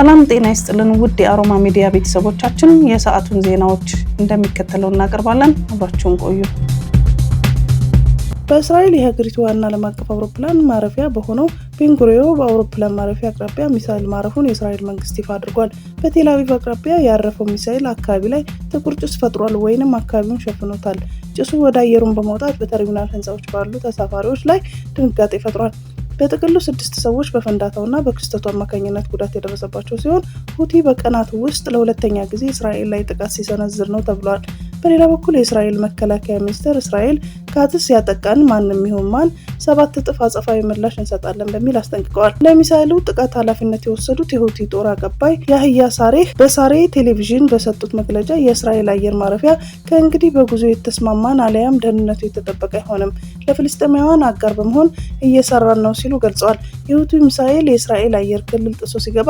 ሰላም ጤና ይስጥልን ውድ የአሮማ ሚዲያ ቤተሰቦቻችን፣ የሰዓቱን ዜናዎች እንደሚከተለው እናቀርባለን። አብራችሁን ቆዩ። በእስራኤል የሀገሪቱ ዋና ዓለም አቀፍ አውሮፕላን ማረፊያ በሆነው ቤንጉሪዮ በአውሮፕላን ማረፊያ አቅራቢያ ሚሳይል ማረፉን የእስራኤል መንግስት ይፋ አድርጓል። በቴላቪቭ አቅራቢያ ያረፈው ሚሳይል አካባቢ ላይ ጥቁር ጭስ ፈጥሯል ወይንም አካባቢውን ሸፍኖታል። ጭሱ ወደ አየሩን በመውጣት በተርሚናል ህንፃዎች ባሉ ተሳፋሪዎች ላይ ድንጋጤ ፈጥሯል። በጥቅሉ ስድስት ሰዎች በፈንዳታውና በክስተቱ አማካኝነት ጉዳት የደረሰባቸው ሲሆን ሁቲ በቀናት ውስጥ ለሁለተኛ ጊዜ እስራኤል ላይ ጥቃት ሲሰነዝር ነው ተብሏል። በሌላ በኩል የእስራኤል መከላከያ ሚኒስቴር እስራኤል ከሀትስ ያጠቃን ማንም ይሁን ማን ሰባት እጥፍ አጸፋዊ ምላሽ እንሰጣለን በሚል አስጠንቅቀዋል። ለሚሳይሉ ጥቃት ኃላፊነት የወሰዱት የሁቲ ጦር አቀባይ ያህያ ሳሬህ በሳሬ ቴሌቪዥን በሰጡት መግለጫ የእስራኤል አየር ማረፊያ ከእንግዲህ በጉዞ የተስማማን አለያም ደህንነቱ የተጠበቀ አይሆንም፣ ለፍልስጤማውያን አጋር በመሆን እየሰራን ነው ሲሉ ገልጸዋል። የሁቲ ሚሳኤል የእስራኤል አየር ክልል ጥሶ ሲገባ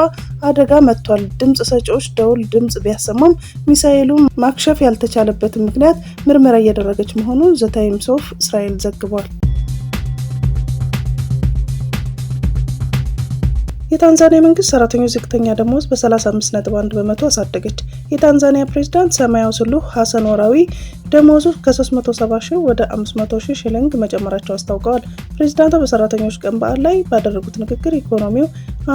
አደጋ መጥቷል። ድምፅ ሰጪዎች ደውል ድምፅ ቢያሰሙም ሚሳኤሉ ማክሸፍ ያልተቻለበትን ምክንያት ምርመራ እያደረገች መሆኑን ዘታይምስ ጽሑፍ እስራኤል ዘግቧል። የታንዛኒያ መንግስት ሰራተኞች ዝቅተኛ ደሞዝ በ35.1 በመቶ አሳደገች። የታንዛኒያ ፕሬዚዳንት ሰማያዊ ስሉሁ ሀሰን ወራዊ ደሞዙ ከ370 ሺህ ወደ 500 ሺህ ሽልንግ መጨመራቸው አስታውቀዋል። ፕሬዚዳንቱ በሰራተኞች ቀን በዓል ላይ ባደረጉት ንግግር ኢኮኖሚው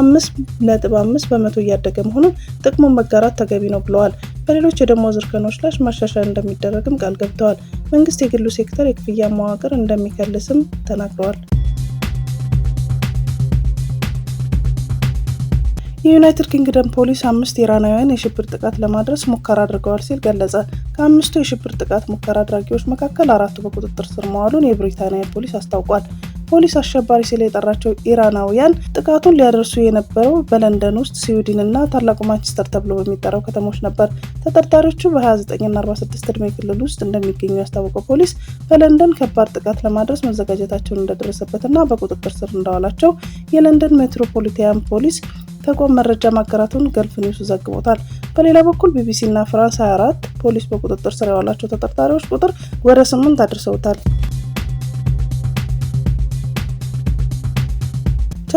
5.5 በመቶ እያደገ መሆኑን ጥቅሙን መጋራት ተገቢ ነው ብለዋል። በሌሎች የደሞዝ እርከኖች ላይ ማሻሻል እንደሚደረግም ቃል ገብተዋል። መንግስት የግሉ ሴክተር የክፍያ መዋቅር እንደሚከልስም ተናግረዋል። የዩናይትድ ኪንግደም ፖሊስ አምስት ኢራናውያን የሽብር ጥቃት ለማድረስ ሙከራ አድርገዋል ሲል ገለጸ። ከአምስቱ የሽብር ጥቃት ሙከራ አድራጊዎች መካከል አራቱ በቁጥጥር ስር መዋሉን የብሪታንያ ፖሊስ አስታውቋል። ፖሊስ አሸባሪ ሲል የጠራቸው ኢራናውያን ጥቃቱን ሊያደርሱ የነበረው በለንደን ውስጥ ስዊድን እና ታላቁ ማንቸስተር ተብሎ በሚጠራው ከተሞች ነበር። ተጠርጣሪዎቹ በ29ና 46 እድሜ ክልል ውስጥ እንደሚገኙ ያስታወቀው ፖሊስ በለንደን ከባድ ጥቃት ለማድረስ መዘጋጀታቸውን እንደደረሰበት ና በቁጥጥር ስር እንዳዋላቸው የለንደን ሜትሮፖሊታን ፖሊስ ተቋም መረጃ ማጋራቱን ገልፍ ኒውስ ዘግቦታል። በሌላ በኩል ቢቢሲ እና ፍራንስ 24 ፖሊስ በቁጥጥር ስር ያዋላቸው ተጠርጣሪዎች ቁጥር ወደ ስምንት አድርሰውታል።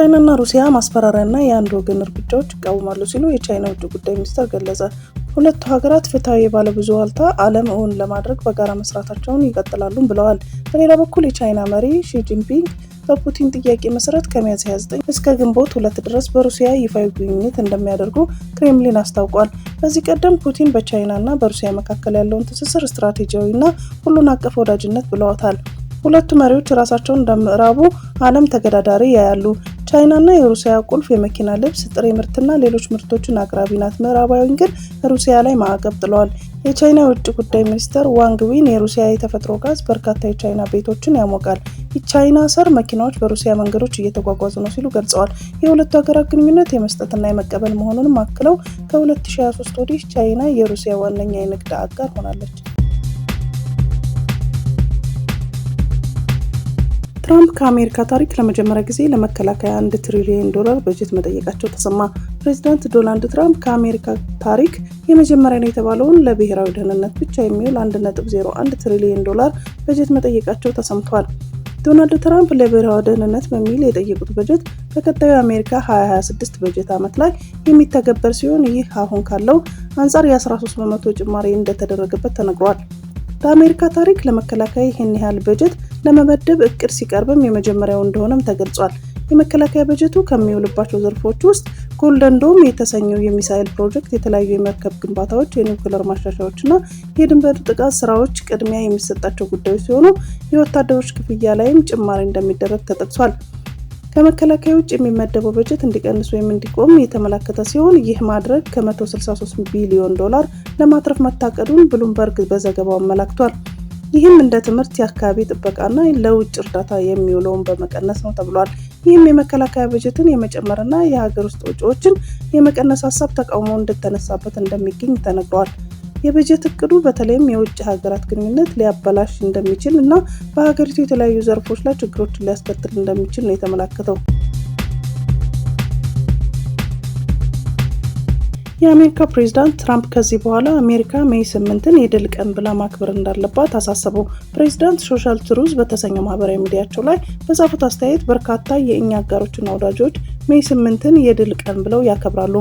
ቻይናና ሩሲያ ማስፈራሪያና የአንድ ወገን እርምጃዎች ይቃወማሉ ሲሉ የቻይና ውጭ ጉዳይ ሚኒስትር ገለጸ። ሁለቱ ሀገራት ፍትሐዊ የባለብዙ ዋልታ ዓለም እውን ለማድረግ በጋራ መስራታቸውን ይቀጥላሉ ብለዋል። በሌላ በኩል የቻይና መሪ ሺጂንፒንግ በፑቲን ጥያቄ መሰረት ከሚያዝ 29 እስከ ግንቦት ሁለት ድረስ በሩሲያ ይፋዊ ጉብኝት እንደሚያደርጉ ክሬምሊን አስታውቋል። በዚህ ቀደም ፑቲን በቻይናና በሩሲያ መካከል ያለውን ትስስር ስትራቴጂያዊና ሁሉን አቀፍ ወዳጅነት ብለዋታል። ሁለቱ መሪዎች ራሳቸውን እንደምዕራቡ ዓለም ተገዳዳሪ ያያሉ፣ ቻይናና የሩሲያ ቁልፍ የመኪና ልብስ፣ ጥሬ ምርትና ሌሎች ምርቶችን አቅራቢ ናት። ምዕራባውያን ግን ሩሲያ ላይ ማዕቀብ ጥለዋል። የቻይና የውጭ ጉዳይ ሚኒስተር ዋንግ ዊን የሩሲያ የተፈጥሮ ጋዝ በርካታ የቻይና ቤቶችን ያሞቃል፣ ቻይና ሰር መኪናዎች በሩሲያ መንገዶች እየተጓጓዙ ነው ሲሉ ገልጸዋል። የሁለቱ ሀገራት ግንኙነት የመስጠትና የመቀበል መሆኑንም አክለው ከ2023 ወዲህ ቻይና የሩሲያ ዋነኛ የንግድ አጋር ሆናለች። ትራምፕ ከአሜሪካ ታሪክ ለመጀመሪያ ጊዜ ለመከላከያ አንድ ትሪሊየን ዶላር በጀት መጠየቃቸው ተሰማ። ፕሬዚዳንት ዶናልድ ትራምፕ ከአሜሪካ ታሪክ የመጀመሪያ ነው የተባለውን ለብሔራዊ ደህንነት ብቻ የሚውል 1.01 ትሪሊየን ዶላር በጀት መጠየቃቸው ተሰምቷል። ዶናልድ ትራምፕ ለብሔራዊ ደህንነት በሚል የጠየቁት በጀት በቀጣዩ የአሜሪካ 2026 በጀት ዓመት ላይ የሚተገበር ሲሆን ይህ አሁን ካለው አንጻር የ13 በመቶ ጭማሪ እንደተደረገበት ተነግሯል። በአሜሪካ ታሪክ ለመከላከያ ይህን ያህል በጀት ለመመደብ እቅድ ሲቀርብም የመጀመሪያው እንደሆነም ተገልጿል። የመከላከያ በጀቱ ከሚውልባቸው ዘርፎች ውስጥ ጎልደን ዶም የተሰኘው የሚሳኤል ፕሮጀክት የተለያዩ የመርከብ ግንባታዎች፣ የኒውክለር ማሻሻያዎችና የድንበር ጥቃት ስራዎች ቅድሚያ የሚሰጣቸው ጉዳዮች ሲሆኑ የወታደሮች ክፍያ ላይም ጭማሪ እንደሚደረግ ተጠቅሷል። ከመከላከያ ውጭ የሚመደበው በጀት እንዲቀንስ ወይም እንዲቆም የተመላከተ ሲሆን ይህ ማድረግ ከ163 ቢሊዮን ዶላር ለማትረፍ መታቀዱን ብሉምበርግ በዘገባው አመላክቷል። ይህም እንደ ትምህርት የአካባቢ ጥበቃና ለውጭ እርዳታ የሚውለውን በመቀነስ ነው ተብሏል። ይህም የመከላከያ በጀትን የመጨመርና የሀገር ውስጥ ወጪዎችን የመቀነስ ሀሳብ ተቃውሞ እንደተነሳበት እንደሚገኝ ተነግሯል። የበጀት እቅዱ በተለይም የውጭ ሀገራት ግንኙነት ሊያበላሽ እንደሚችል እና በሀገሪቱ የተለያዩ ዘርፎች ላይ ችግሮችን ሊያስከትል እንደሚችል ነው የተመላከተው። የአሜሪካ ፕሬዚዳንት ትራምፕ ከዚህ በኋላ አሜሪካ ሜይ ስምንትን የድል ቀን ብላ ማክበር እንዳለባት አሳሰቡ። ፕሬዚዳንት ሶሻል ትሩዝ በተሰኘው ማህበራዊ ሚዲያቸው ላይ በጻፉት አስተያየት በርካታ የእኛ አጋሮችና ወዳጆች ሜይ ስምንትን የድል ቀን ብለው ያከብራሉ።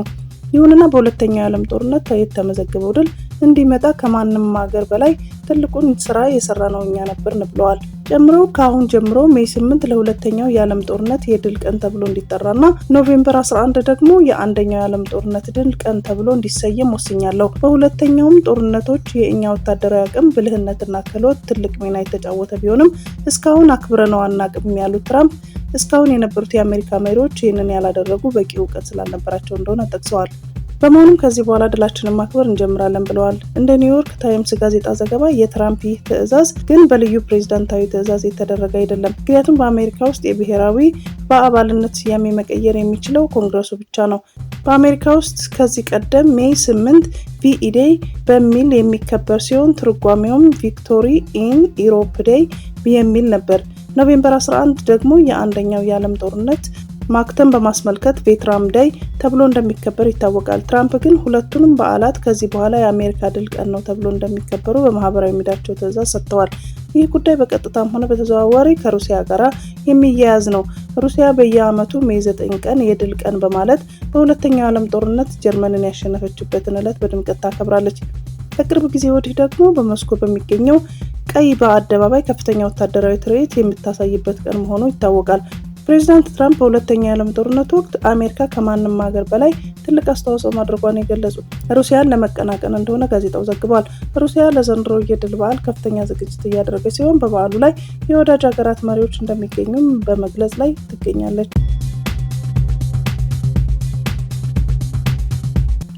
ይሁንና በሁለተኛው የዓለም ጦርነት የተመዘገበው ድል እንዲመጣ ከማንም ሀገር በላይ ትልቁን ስራ የሰራ ነው እኛ ነበርን ብለዋል። ጀምሮ ከአሁን ጀምሮ ሜይ 8 ለሁለተኛው የዓለም ጦርነት የድል ቀን ተብሎ እንዲጠራና ኖቬምበር 11 ደግሞ የአንደኛው የዓለም ጦርነት ድል ቀን ተብሎ እንዲሰየም ወስኛለሁ። በሁለተኛውም ጦርነቶች የእኛ ወታደራዊ አቅም ብልህነትና ክህሎት ትልቅ ሚና የተጫወተ ቢሆንም እስካሁን አክብረነው አናቅም ያሉት ትራምፕ እስካሁን የነበሩት የአሜሪካ መሪዎች ይህንን ያላደረጉ በቂ እውቀት ስላልነበራቸው እንደሆነ ጠቅሰዋል። በመሆኑም ከዚህ በኋላ ድላችንን ማክበር እንጀምራለን ብለዋል። እንደ ኒውዮርክ ታይምስ ጋዜጣ ዘገባ የትራምፕ ይህ ትዕዛዝ ግን በልዩ ፕሬዚዳንታዊ ትዕዛዝ የተደረገ አይደለም። ምክንያቱም በአሜሪካ ውስጥ የብሔራዊ በአባልነት ስያሜ መቀየር የሚችለው ኮንግረሱ ብቻ ነው። በአሜሪካ ውስጥ ከዚህ ቀደም ሜይ 8 ቪኢዴይ በሚል የሚከበር ሲሆን ትርጓሜውም ቪክቶሪ ኢን ኢሮፕ ዴይ የሚል ነበር። ኖቬምበር 11 ደግሞ የአንደኛው የዓለም ጦርነት ማክተም በማስመልከት ቬትራም ደይ ተብሎ እንደሚከበር ይታወቃል። ትራምፕ ግን ሁለቱንም በዓላት ከዚህ በኋላ የአሜሪካ ድል ቀን ነው ተብሎ እንደሚከበሩ በማህበራዊ ሚዲያቸው ትዕዛዝ ሰጥተዋል። ይህ ጉዳይ በቀጥታም ሆነ በተዘዋዋሪ ከሩሲያ ጋር የሚያያዝ ነው። ሩሲያ በየዓመቱ ሜይ ዘጠኝ ቀን የድል ቀን በማለት በሁለተኛው ዓለም ጦርነት ጀርመንን ያሸነፈችበትን ዕለት በድምቀት ታከብራለች። ከቅርብ ጊዜ ወዲህ ደግሞ በሞስኮ በሚገኘው ቀይ በአደባባይ ከፍተኛ ወታደራዊ ትርኢት የምታሳይበት ቀን መሆኑ ይታወቃል። ፕሬዚዳንት ትራምፕ በሁለተኛ የዓለም ጦርነት ወቅት አሜሪካ ከማንም ሀገር በላይ ትልቅ አስተዋጽኦ ማድረጓን የገለጹ ሩሲያን ለመቀናቀን እንደሆነ ጋዜጣው ዘግቧል። ሩሲያ ለዘንድሮ የድል በዓል ከፍተኛ ዝግጅት እያደረገች ሲሆን በበዓሉ ላይ የወዳጅ ሀገራት መሪዎች እንደሚገኙም በመግለጽ ላይ ትገኛለች።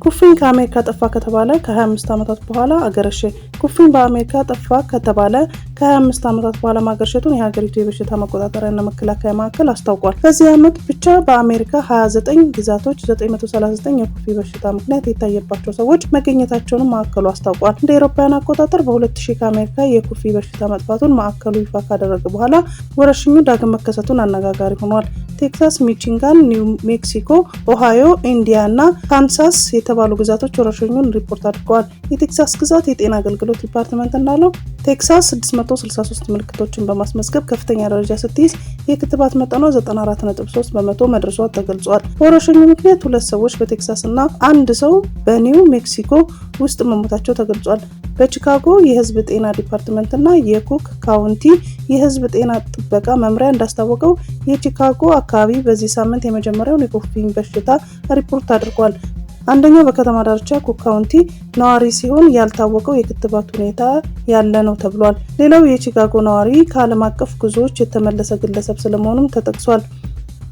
ኩፍኝ ከአሜሪካ ጠፋ ከተባለ ከ25 ዓመታት በኋላ አገረሸ። ኩፍኝ በአሜሪካ ጠፋ ከተባለ ከ25 ዓመታት በኋላ ማገርሸቱን የሀገሪቱ የበሽታ መቆጣጠሪያና መከላከያ ማዕከል አስታውቋል። በዚህ ዓመት ብቻ በአሜሪካ 29 ግዛቶች 939 የኩፍኝ በሽታ ምክንያት የታየባቸው ሰዎች መገኘታቸውንም ማዕከሉ አስታውቋል። እንደ አውሮፓውያን አቆጣጠር በ2000 ከአሜሪካ የኩፍኝ በሽታ መጥፋቱን ማዕከሉ ይፋ ካደረገ በኋላ ወረሽኙ ዳግም መከሰቱን አነጋጋሪ ሆኗል። ቴክሳስ፣ ሚቺንጋን፣ ኒው ሜክሲኮ፣ ኦሃዮ፣ ኢንዲያና ካንሳስ የተባሉ ግዛቶች ወረርሽኙን ሪፖርት አድርገዋል። የቴክሳስ ግዛት የጤና አገልግሎት ዲፓርትመንት እንዳለው ቴክሳስ 663 ምልክቶችን በማስመዝገብ ከፍተኛ ደረጃ ስትይዝ የክትባት መጠኗ 94.3 በመቶ መድረሷ ተገልጿል። በወረርሽኙ ምክንያት ሁለት ሰዎች በቴክሳስ እና አንድ ሰው በኒው ሜክሲኮ ውስጥ መሞታቸው ተገልጿል። በቺካጎ የህዝብ ጤና ዲፓርትመንት እና የኩክ ካውንቲ የህዝብ ጤና ጥበቃ መምሪያ እንዳስታወቀው የቺካጎ አካባቢ በዚህ ሳምንት የመጀመሪያውን የኮፍኝ በሽታ ሪፖርት አድርጓል። አንደኛው በከተማ ዳርቻ ኩክ ካውንቲ ነዋሪ ሲሆን ያልታወቀው የክትባት ሁኔታ ያለ ነው ተብሏል። ሌላው የቺካጎ ነዋሪ ከዓለም አቀፍ ጉዞዎች የተመለሰ ግለሰብ ስለመሆኑም ተጠቅሷል።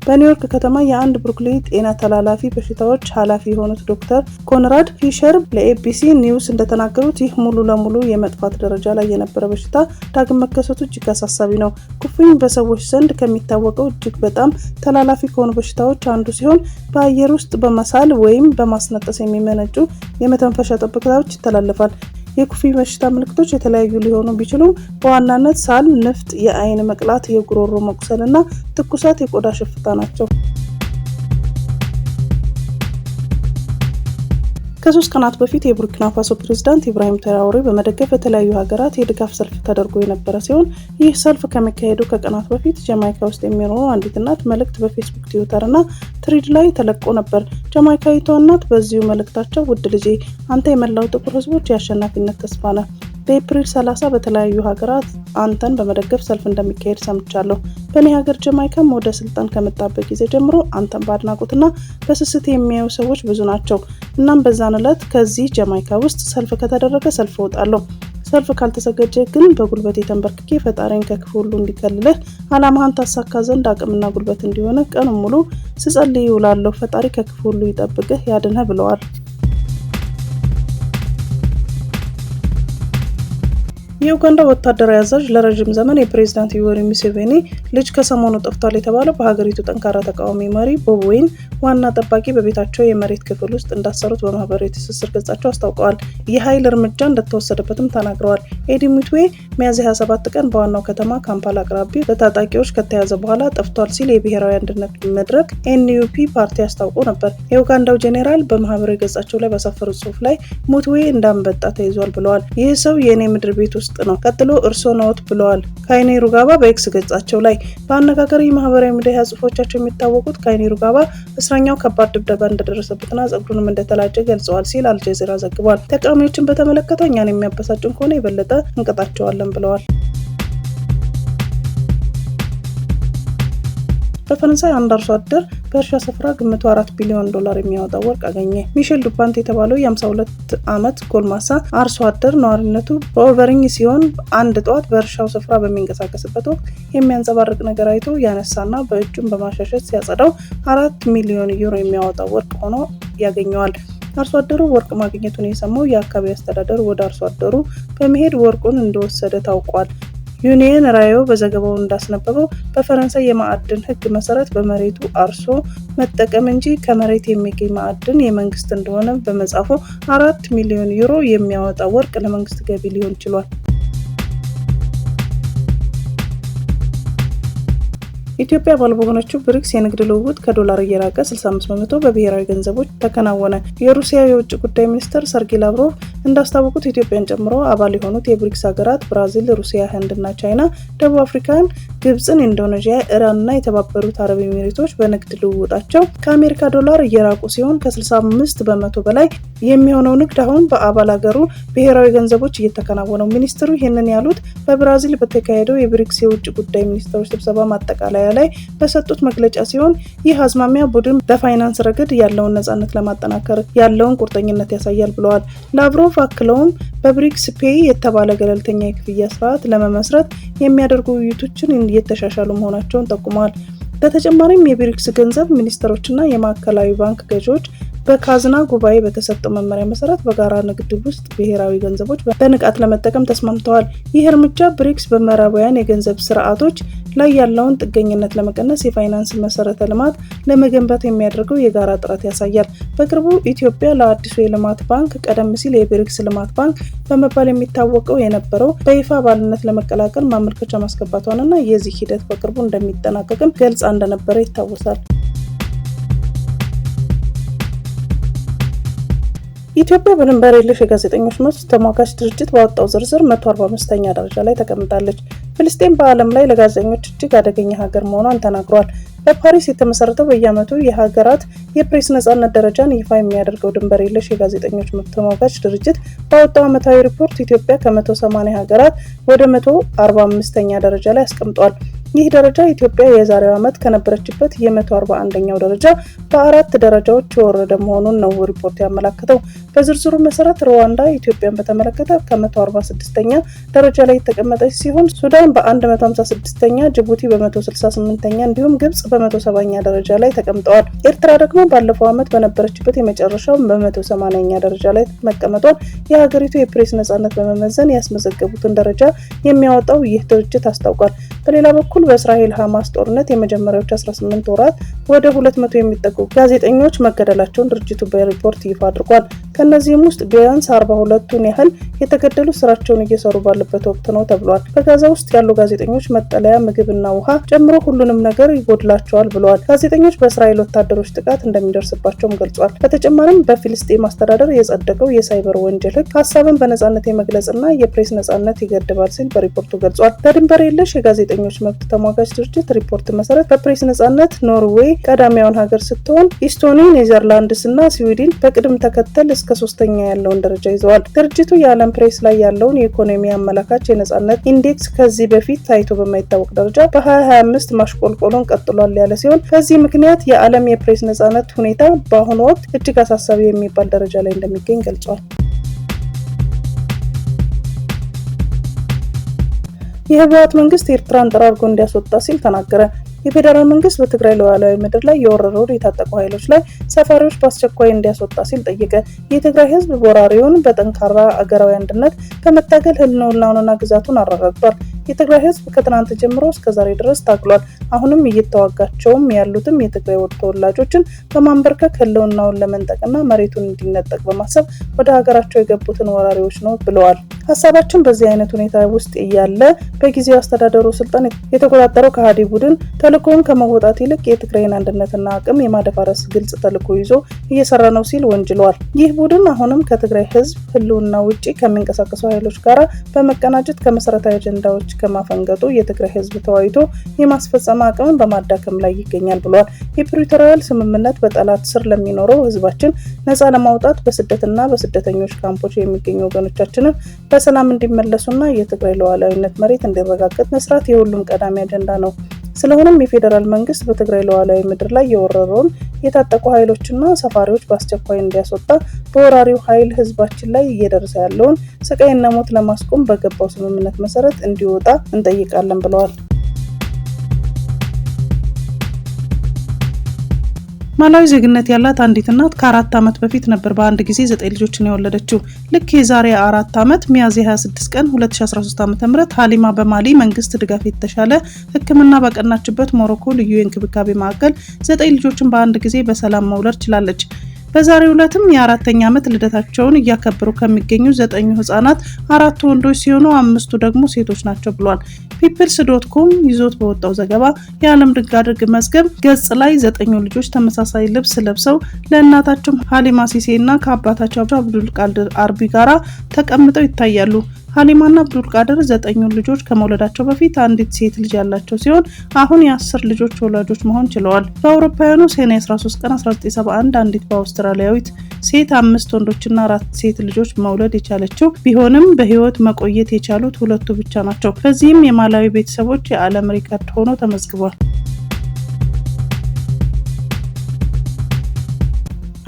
በኒውዮርክ ከተማ የአንድ ብሩክሊን ጤና ተላላፊ በሽታዎች ኃላፊ የሆኑት ዶክተር ኮንራድ ፊሸር ለኤቢሲ ኒውስ እንደተናገሩት ይህ ሙሉ ለሙሉ የመጥፋት ደረጃ ላይ የነበረ በሽታ ዳግም መከሰቱ እጅግ አሳሳቢ ነው። ኩፍኝ በሰዎች ዘንድ ከሚታወቀው እጅግ በጣም ተላላፊ ከሆኑ በሽታዎች አንዱ ሲሆን በአየር ውስጥ በመሳል ወይም በማስነጠስ የሚመነጩ የመተንፈሻ ጠብታዎች ይተላለፋል። የኩፍኝ በሽታ ምልክቶች የተለያዩ ሊሆኑ ቢችሉም በዋናነት ሳል፣ ንፍጥ፣ የአይን መቅላት፣ የጉሮሮ መቁሰል እና ትኩሳት፣ የቆዳ ሽፍታ ናቸው። ከሶስት ቀናት በፊት የቡርኪና ፋሶ ፕሬዚዳንት ኢብራሂም ተራውሬ በመደገፍ በተለያዩ ሀገራት የድጋፍ ሰልፍ ተደርጎ የነበረ ሲሆን ይህ ሰልፍ ከመካሄዱ ከቀናት በፊት ጀማይካ ውስጥ የሚኖሩ አንዲት እናት መልእክት በፌስቡክ ትዊተር እና ትሪድ ላይ ተለቆ ነበር። ጀማይካዊቷ እናት በዚሁ መልእክታቸው ውድ ልጄ፣ አንተ የመላው ጥቁር ህዝቦች የአሸናፊነት ተስፋ ነህ በኤፕሪል 30 በተለያዩ ሀገራት አንተን በመደገፍ ሰልፍ እንደሚካሄድ ሰምቻለሁ። በእኔ ሀገር ጀማይካም ወደ ስልጣን ከመጣበት ጊዜ ጀምሮ አንተን በአድናቆትና በስስት የሚያዩ ሰዎች ብዙ ናቸው። እናም በዛን ዕለት ከዚህ ጀማይካ ውስጥ ሰልፍ ከተደረገ ሰልፍ እወጣለሁ። ሰልፍ ካልተዘጋጀ ግን በጉልበት የተንበርክኬ ፈጣሪን ከክፉ ሁሉ እንዲከልልህ አላማህን ታሳካ ዘንድ አቅምና ጉልበት እንዲሆነ ቀኑ ሙሉ ስጸልይ ይውላለሁ። ፈጣሪ ከክፉ ሁሉ ይጠብቅህ ያድንህ ብለዋል። የኡጋንዳ ወታደራዊ አዛዥ ለረዥም ዘመን የፕሬዚዳንት ዩወሪ ሙሴቬኒ ልጅ ከሰሞኑ ጠፍቷል የተባለው በሀገሪቱ ጠንካራ ተቃዋሚ መሪ ቦብ ወይን ዋና ጠባቂ በቤታቸው የመሬት ክፍል ውስጥ እንዳሰሩት በማህበራዊ ትስስር ገጻቸው አስታውቀዋል። የኃይል እርምጃ እንደተወሰደበትም ተናግረዋል። ኤዲ ሙትዌ ሚያዝያ 27 ቀን በዋናው ከተማ ካምፓላ አቅራቢ በታጣቂዎች ከተያዘ በኋላ ጠፍቷል ሲል የብሔራዊ አንድነት መድረክ ኤንዩፒ ፓርቲ አስታውቆ ነበር። የኡጋንዳው ጄኔራል በማህበራዊ ገጻቸው ላይ ባሰፈሩት ጽሑፍ ላይ ሙትዌ እንዳንበጣ ተይዟል ብለዋል። ይህ ሰው የእኔ ምድር ቤት ውስጥ ወቅት ነው። ቀጥሎ እርስዎ ነዎት ብለዋል ካይኔ ሩጋባ በኤክስ ገጻቸው ላይ። በአነጋገር ማህበራዊ ሚዲያ ጽሁፎቻቸው የሚታወቁት ካይኔ ሩጋባ እስረኛው ከባድ ድብደባ እንደደረሰበትና ጸጉሩንም እንደተላጨ ገልጸዋል ሲል አልጀዚራ ዘግቧል። ተቃዋሚዎችን በተመለከተ እኛን የሚያበሳጭን ከሆነ የበለጠ እንቀጣቸዋለን ብለዋል። በፈረንሳይ አንድ አርሶ አደር በእርሻ ስፍራ ግምቱ አራት ቢሊዮን ዶላር የሚያወጣ ወርቅ አገኘ። ሚሼል ዱፓንት የተባለው የ52 ዓመት ጎልማሳ አርሶ አደር ነዋሪነቱ በኦቨርኝ ሲሆን አንድ ጠዋት በእርሻው ስፍራ በሚንቀሳቀስበት ወቅት የሚያንጸባርቅ ነገር አይቶ ያነሳና በእጁን በማሻሸት ሲያጸዳው አራት ሚሊዮን ዩሮ የሚያወጣ ወርቅ ሆኖ ያገኘዋል። አርሶ አደሩ ወርቅ ማግኘቱን የሰማው የአካባቢ አስተዳደር ወደ አርሶ አደሩ በመሄድ ወርቁን እንደወሰደ ታውቋል። ዩኒየን ራዮ በዘገባው እንዳስነበበው በፈረንሳይ የማዕድን ህግ መሰረት በመሬቱ አርሶ መጠቀም እንጂ ከመሬት የሚገኝ ማዕድን የመንግስት እንደሆነ በመጻፉ አራት ሚሊዮን ዩሮ የሚያወጣ ወርቅ ለመንግስት ገቢ ሊሆን ችሏል። ኢትዮጵያ ባልበጎነችው ብሪክስ የንግድ ልውውጥ ከዶላር እየራቀ 65 በመቶ በብሔራዊ ገንዘቦች ተከናወነ። የሩሲያ የውጭ ጉዳይ ሚኒስትር ሰርጌይ ላቭሮቭ እንዳስታወቁት ኢትዮጵያን ጨምሮ አባል የሆኑት የብሪክስ ሀገራት ብራዚል፣ ሩሲያ፣ ህንድና ቻይና ደቡብ አፍሪካን ግብፅን፣ ኢንዶኔዥያ፣ ኢራንና የተባበሩት አረብ ኤሚሬቶች በንግድ ልውውጣቸው ከአሜሪካ ዶላር እየራቁ ሲሆን ከ65 በመቶ በላይ የሚሆነው ንግድ አሁን በአባል ሀገሩ ብሔራዊ ገንዘቦች እየተከናወነው። ሚኒስትሩ ይህንን ያሉት በብራዚል በተካሄደው የብሪክስ የውጭ ጉዳይ ሚኒስትሮች ስብሰባ ማጠቃለያ ላይ በሰጡት መግለጫ ሲሆን ይህ አዝማሚያ ቡድን በፋይናንስ ረገድ ያለውን ነጻነት ለማጠናከር ያለውን ቁርጠኝነት ያሳያል ብለዋል። ላቭሮቭ አክለውም በብሪክስ ፔይ የተባለ ገለልተኛ የክፍያ ስርዓት ለመመስረት የሚያደርጉ ውይይቶችን እየተሻሻሉ መሆናቸውን ጠቁመዋል። በተጨማሪም የብሪክስ ገንዘብ ሚኒስትሮችና የማዕከላዊ ባንክ ገዢዎች በካዝና ጉባኤ በተሰጠው መመሪያ መሰረት በጋራ ንግድ ውስጥ ብሔራዊ ገንዘቦች በንቃት ለመጠቀም ተስማምተዋል። ይህ እርምጃ ብሪክስ በምዕራባውያን የገንዘብ ስርዓቶች ላይ ያለውን ጥገኝነት ለመቀነስ የፋይናንስ መሰረተ ልማት ለመገንባት የሚያደርገው የጋራ ጥረት ያሳያል። በቅርቡ ኢትዮጵያ ለአዲሱ የልማት ባንክ ቀደም ሲል የብሪክስ ልማት ባንክ በመባል የሚታወቀው የነበረው በይፋ አባልነት ለመቀላቀል ማመልከቻ ማስገባቷንና የዚህ ሂደት በቅርቡ እንደሚጠናቀቅም ገልጻ እንደነበረ ይታወሳል። ኢትዮጵያ በድንበር የለሽ የጋዜጠኞች መብት ተሟጋች ድርጅት ባወጣው ዝርዝር 145ኛ ደረጃ ላይ ተቀምጣለች። ፍልስጤም በዓለም ላይ ለጋዜጠኞች እጅግ አደገኛ ሀገር መሆኗን ተናግሯል። በፓሪስ የተመሰረተው በየዓመቱ የሀገራት የፕሬስ ነጻነት ደረጃን ይፋ የሚያደርገው ድንበር የለሽ የጋዜጠኞች መብት ተሟጋች ድርጅት ባወጣው ዓመታዊ ሪፖርት ኢትዮጵያ ከ180 ሀገራት ወደ 145ኛ ደረጃ ላይ አስቀምጧል። ይህ ደረጃ ኢትዮጵያ የዛሬው ዓመት ከነበረችበት የ141ኛው ደረጃ በአራት ደረጃዎች የወረደ መሆኑን ነው ሪፖርቱ ያመላከተው። በዝርዝሩ መሰረት ሩዋንዳ ኢትዮጵያን በተመለከተ ከ146ኛ ደረጃ ላይ የተቀመጠች ሲሆን ሱዳን በ156ኛ፣ ጅቡቲ በ168ኛ እንዲሁም ግብጽ በ170ኛ ደረጃ ላይ ተቀምጠዋል። ኤርትራ ደግሞ ባለፈው ዓመት በነበረችበት የመጨረሻው በ180ኛ ደረጃ ላይ መቀመጧል። የሀገሪቱ የፕሬስ ነጻነት በመመዘን ያስመዘገቡትን ደረጃ የሚያወጣው ይህ ድርጅት አስታውቋል። በሌላ በኩል በኩል በእስራኤል ሐማስ ጦርነት የመጀመሪያዎች 18 ወራት ወደ 200 የሚጠጉ ጋዜጠኞች መገደላቸውን ድርጅቱ በሪፖርት ይፋ አድርጓል። ከእነዚህም ውስጥ ቢያንስ አርባ ሁለቱን ያህል የተገደሉ ስራቸውን እየሰሩ ባሉበት ወቅት ነው ተብሏል። በጋዛ ውስጥ ያሉ ጋዜጠኞች መጠለያ፣ ምግብና ውሃ ጨምሮ ሁሉንም ነገር ይጎድላቸዋል ብለዋል። ጋዜጠኞች በእስራኤል ወታደሮች ጥቃት እንደሚደርስባቸውም ገልጿል። በተጨማሪም በፊልስጤም አስተዳደር የጸደቀው የሳይበር ወንጀል ህግ ሀሳብን በነጻነት የመግለጽና የፕሬስ ነጻነት ይገድባል ሲል በሪፖርቱ ገልጿል። በድንበር የለሽ የጋዜጠኞች መብት ተሟጋች ድርጅት ሪፖርት መሰረት በፕሬስ ነጻነት ኖርዌይ ቀዳሚያውን ሀገር ስትሆን ኢስቶኒ፣ ኔዘርላንድስ እና ስዊድን በቅደም ተከተል እስከ ሶስተኛ ያለውን ደረጃ ይዘዋል። ድርጅቱ የዓለም ፕሬስ ላይ ያለውን የኢኮኖሚ አመላካች የነጻነት ኢንዴክስ ከዚህ በፊት ታይቶ በማይታወቅ ደረጃ በ2025 ማሽቆልቆሉን ቀጥሏል ያለ ሲሆን በዚህ ምክንያት የዓለም የፕሬስ ነጻነት ሁኔታ በአሁኑ ወቅት እጅግ አሳሳቢ የሚባል ደረጃ ላይ እንደሚገኝ ገልጿል። የህወሓት መንግስት ኤርትራን ጠራርጎ እንዲያስወጣ ሲል ተናገረ። የፌዴራል መንግስት በትግራይ ሉዓላዊ ምድር ላይ የወረረውን የታጠቁ ኃይሎች ላይ ሰፋሪዎች በአስቸኳይ እንዲያስወጣ ሲል ጠየቀ። የትግራይ ህዝብ ወራሪውን በጠንካራ አገራዊ አንድነት በመታገል ህልውናውንና ግዛቱን አረጋግጧል። የትግራይ ህዝብ ከትናንት ጀምሮ እስከ ዛሬ ድረስ ታግሏል። አሁንም እየተዋጋቸውም ያሉትም የትግራይ ወጥ ተወላጆችን በማንበርከክ ህልውናውን ለመንጠቅና መሬቱን እንዲነጠቅ በማሰብ ወደ ሀገራቸው የገቡትን ወራሪዎች ነው ብለዋል። ሀሳባችን በዚህ አይነት ሁኔታ ውስጥ እያለ በጊዜው አስተዳደሩ ስልጣን የተቆጣጠረው ከሀዲ ቡድን ተልእኮውን ከመወጣት ይልቅ የትግራይን አንድነትና አቅም የማደፋረስ ግልጽ ተልእኮ ይዞ እየሰራ ነው ሲል ወንጅሏል። ይህ ቡድን አሁንም ከትግራይ ህዝብ ህልውና ውጭ ከሚንቀሳቀሱ ኃይሎች ጋር በመቀናጀት ከመሰረታዊ አጀንዳዎች ከማፈንገጡ የትግራይ ህዝብ ተወያይቶ የማስፈጸም አቅምን በማዳከም ላይ ይገኛል ብሏል። የፕሪቶሪያል ስምምነት በጠላት ስር ለሚኖረው ህዝባችን ነፃ ለማውጣት በስደትና በስደተኞች ካምፖች የሚገኙ ወገኖቻችንን በሰላም እንዲመለሱና የትግራይ ሉዓላዊነት መሬት እንዲረጋገጥ መስራት የሁሉም ቀዳሚ አጀንዳ ነው። ስለሆነም የፌዴራል መንግስት በትግራይ ሉዓላዊ ምድር ላይ የወረረውን የታጠቁ ኃይሎችና ሰፋሪዎች በአስቸኳይ እንዲያስወጣ በወራሪው ኃይል ህዝባችን ላይ እየደረሰ ያለውን ስቃይና ሞት ለማስቆም በገባው ስምምነት መሰረት እንዲወጣ እንጠይቃለን ብለዋል። ማላዊ ዜግነት ያላት አንዲት እናት ከአራት ዓመት በፊት ነበር በአንድ ጊዜ ዘጠኝ ልጆችን የወለደችው። ልክ የዛሬ አራት ዓመት ሚያዝያ 26 ቀን 2013 ዓ.ም ሀሊማ በማሊ መንግስት ድጋፍ የተሻለ ሕክምና በቀናችበት ሞሮኮ ልዩ የእንክብካቤ ማዕከል ዘጠኝ ልጆችን በአንድ ጊዜ በሰላም መውለድ ችላለች። በዛሬው ዕለትም የአራተኛ ዓመት ልደታቸውን እያከበሩ ከሚገኙ ዘጠኙ ህጻናት አራቱ ወንዶች ሲሆኑ አምስቱ ደግሞ ሴቶች ናቸው ብሏል። ፒፕልስ ዶት ኮም ይዞት በወጣው ዘገባ የዓለም ድጋድርግ መዝገብ ገጽ ላይ ዘጠኙ ልጆች ተመሳሳይ ልብስ ለብሰው ለእናታቸው ሀሊማ ሲሴ እና ከአባታቸው አብዱል አርቢ ጋራ ተቀምጠው ይታያሉ። ሀሊማና አብዱልቃድር ዘጠኙ ልጆች ከመውለዳቸው በፊት አንዲት ሴት ልጅ ያላቸው ሲሆን አሁን የአስር ልጆች ወላጆች መሆን ችለዋል። በአውሮፓውያኑ ሰኔ 13 ቀን 1971 አንዲት በአውስትራሊያዊት ሴት አምስት ወንዶችና አራት ሴት ልጆች መውለድ የቻለችው ቢሆንም በህይወት መቆየት የቻሉት ሁለቱ ብቻ ናቸው። በዚህም የማላዊ ቤተሰቦች የዓለም ሪከርድ ሆኖ ተመዝግቧል።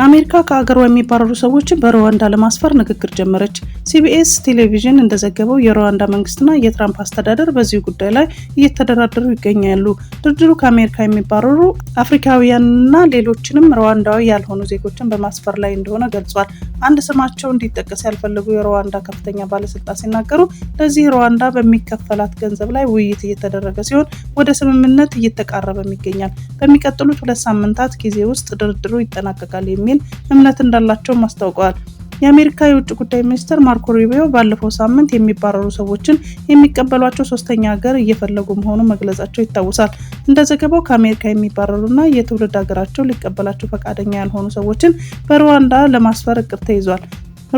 አሜሪካ ከአገሯ የሚባረሩ ሰዎችን በሩዋንዳ ለማስፈር ንግግር ጀመረች። ሲቢኤስ ቴሌቪዥን እንደዘገበው የሩዋንዳ መንግስትና የትራምፕ አስተዳደር በዚህ ጉዳይ ላይ እየተደራደሩ ይገኛሉ። ድርድሩ ከአሜሪካ የሚባረሩ አፍሪካውያንና ሌሎችንም ሩዋንዳዊ ያልሆኑ ዜጎችን በማስፈር ላይ እንደሆነ ገልጿል። አንድ ስማቸው እንዲጠቀስ ያልፈለጉ የሩዋንዳ ከፍተኛ ባለስልጣን ሲናገሩ ለዚህ ሩዋንዳ በሚከፈላት ገንዘብ ላይ ውይይት እየተደረገ ሲሆን ወደ ስምምነት እየተቃረበም ይገኛል። በሚቀጥሉት ሁለት ሳምንታት ጊዜ ውስጥ ድርድሩ ይጠናቀቃል የሚል የሚል እምነት እንዳላቸው አስታውቀዋል። የአሜሪካ የውጭ ጉዳይ ሚኒስትር ማርኮ ሩቢዮ ባለፈው ሳምንት የሚባረሩ ሰዎችን የሚቀበሏቸው ሶስተኛ ሀገር እየፈለጉ መሆኑን መግለጻቸው ይታወሳል። እንደ ዘገባው ከአሜሪካ የሚባረሩና የትውልድ ሀገራቸው ሊቀበላቸው ፈቃደኛ ያልሆኑ ሰዎችን በሩዋንዳ ለማስፈር እቅድ ተይዟል።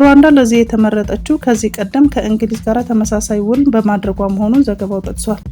ሩዋንዳ ለዚህ የተመረጠችው ከዚህ ቀደም ከእንግሊዝ ጋር ተመሳሳይ ውል በማድረጓ መሆኑን ዘገባው ጠቅሷል።